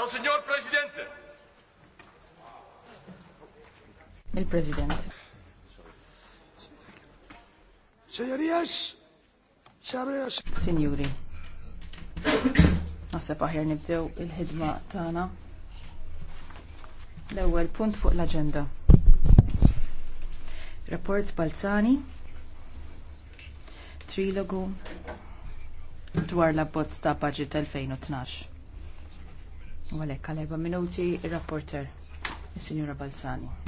El Signor Presidente. Il-President. Señorías, Signori, nasib aħjar nibdew il-ħidma tagħna. L-ewwel punt fuq l-aġenda. Rapport Balzani, trilogu dwar la bozz ta' budget 2012. U għalek, għal erba minuti, il-rapporter, il-Signora Balzani.